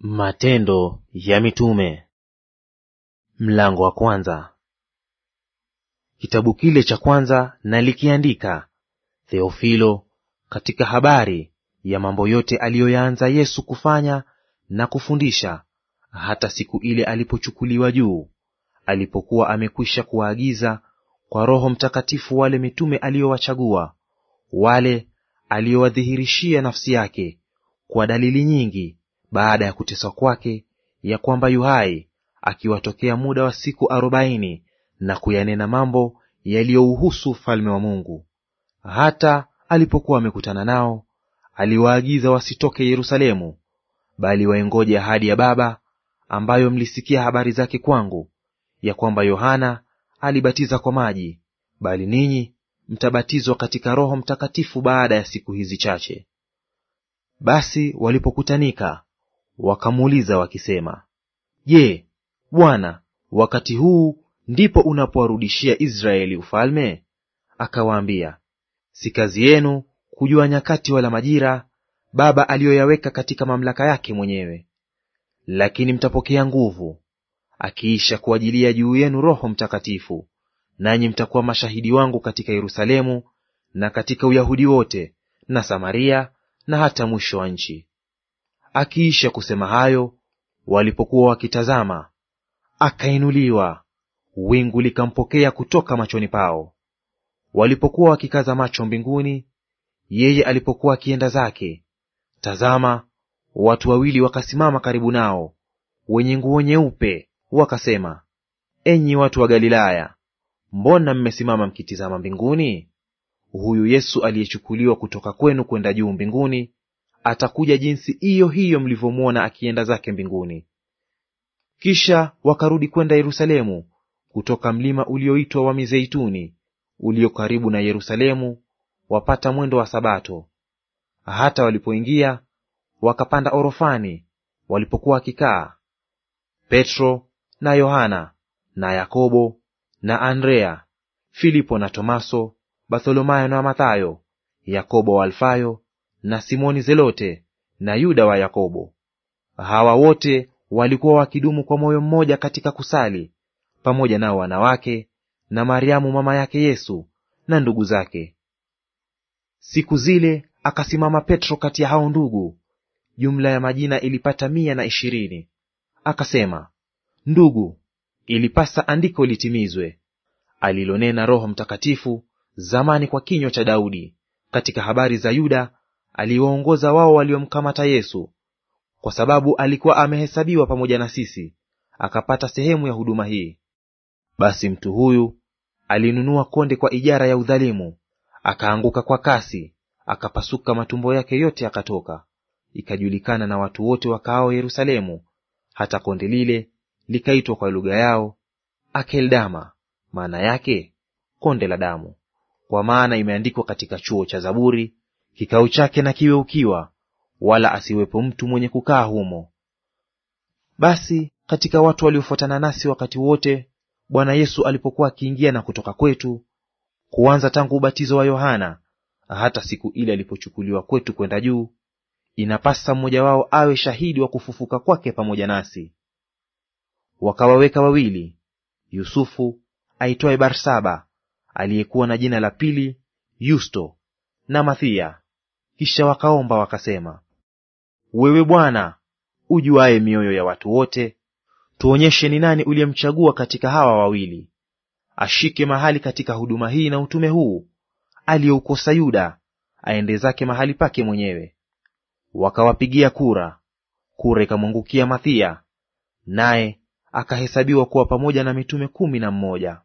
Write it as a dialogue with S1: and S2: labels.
S1: Matendo ya Mitume mlango wa kwanza. Kitabu kile cha kwanza nalikiandika, Theofilo, katika habari ya mambo yote aliyoyaanza Yesu kufanya na kufundisha, hata siku ile alipochukuliwa juu, alipokuwa amekwisha kuwaagiza kwa Roho Mtakatifu wale mitume aliyowachagua, wale aliyowadhihirishia nafsi yake kwa dalili nyingi baada ya kuteswa kwake, ya kwamba yu hai, akiwatokea muda wa siku arobaini na kuyanena mambo yaliyouhusu ufalme wa Mungu. Hata alipokuwa amekutana nao, aliwaagiza wasitoke Yerusalemu, bali waingoje ahadi ya Baba ambayo mlisikia habari zake kwangu, ya kwamba Yohana alibatiza kwa maji, bali ninyi mtabatizwa katika Roho Mtakatifu baada ya siku hizi chache. Basi walipokutanika Wakamuuliza wakisema, Je, Bwana, wakati huu ndipo unapowarudishia Israeli ufalme? Akawaambia, si kazi yenu kujua nyakati wala majira Baba aliyoyaweka katika mamlaka yake mwenyewe. Lakini mtapokea nguvu, akiisha kuajilia juu yenu Roho Mtakatifu, nanyi mtakuwa mashahidi wangu katika Yerusalemu na katika Uyahudi wote na Samaria na hata mwisho wa nchi. Akiisha kusema hayo, walipokuwa wakitazama, akainuliwa, wingu likampokea kutoka machoni pao. Walipokuwa wakikaza macho mbinguni, yeye alipokuwa akienda zake, tazama, watu wawili wakasimama karibu nao, wenye nguo nyeupe, wakasema, enyi watu wa Galilaya, mbona mmesimama mkitizama mbinguni? Huyu Yesu aliyechukuliwa kutoka kwenu kwenda juu mbinguni atakuja jinsi hiyo hiyo mlivyomwona akienda zake mbinguni. Kisha wakarudi kwenda Yerusalemu kutoka mlima ulioitwa wa Mizeituni ulio karibu na Yerusalemu, wapata mwendo wa Sabato. Hata walipoingia wakapanda orofani, walipokuwa wakikaa Petro na Yohana na Yakobo na Andrea, Filipo na Tomaso, Bartholomayo na Mathayo, Yakobo wa Alfayo na Simoni Zelote na Yuda wa Yakobo. Hawa wote walikuwa wakidumu kwa moyo mmoja katika kusali, pamoja nao wanawake na Mariamu mama yake Yesu na ndugu zake. Siku zile akasimama Petro kati ya hao ndugu, jumla ya majina ilipata mia na ishirini. Akasema, ndugu, ilipasa andiko litimizwe alilonena Roho Mtakatifu zamani kwa kinywa cha Daudi katika habari za Yuda aliwaongoza wao waliomkamata Yesu, kwa sababu alikuwa amehesabiwa pamoja na sisi, akapata sehemu ya huduma hii. Basi mtu huyu alinunua konde kwa ijara ya udhalimu, akaanguka kwa kasi, akapasuka matumbo yake yote, akatoka. Ikajulikana na watu wote wakaao Yerusalemu, hata konde lile likaitwa kwa lugha yao Akeldama, maana yake konde la damu, kwa maana imeandikwa katika chuo cha Zaburi Kikao chake na kiwe ukiwa, wala asiwepo mtu mwenye kukaa humo. Basi katika watu waliofuatana nasi wakati wote Bwana Yesu alipokuwa akiingia na kutoka kwetu, kuanza tangu ubatizo wa Yohana hata siku ile alipochukuliwa kwetu kwenda juu, inapasa mmoja wao awe shahidi wa kufufuka kwake pamoja nasi. Wakawaweka wawili, Yusufu aitwaye Barsaba, aliyekuwa na jina la pili Yusto, na Mathia, kisha wakaomba wakasema, wewe Bwana ujuaye mioyo ya watu wote, tuonyeshe ni nani uliyemchagua katika hawa wawili, ashike mahali katika huduma hii na utume huu aliyoukosa Yuda, aende zake mahali pake mwenyewe. Wakawapigia kura, kura ikamwangukia Mathia, naye akahesabiwa kuwa pamoja na mitume kumi na mmoja.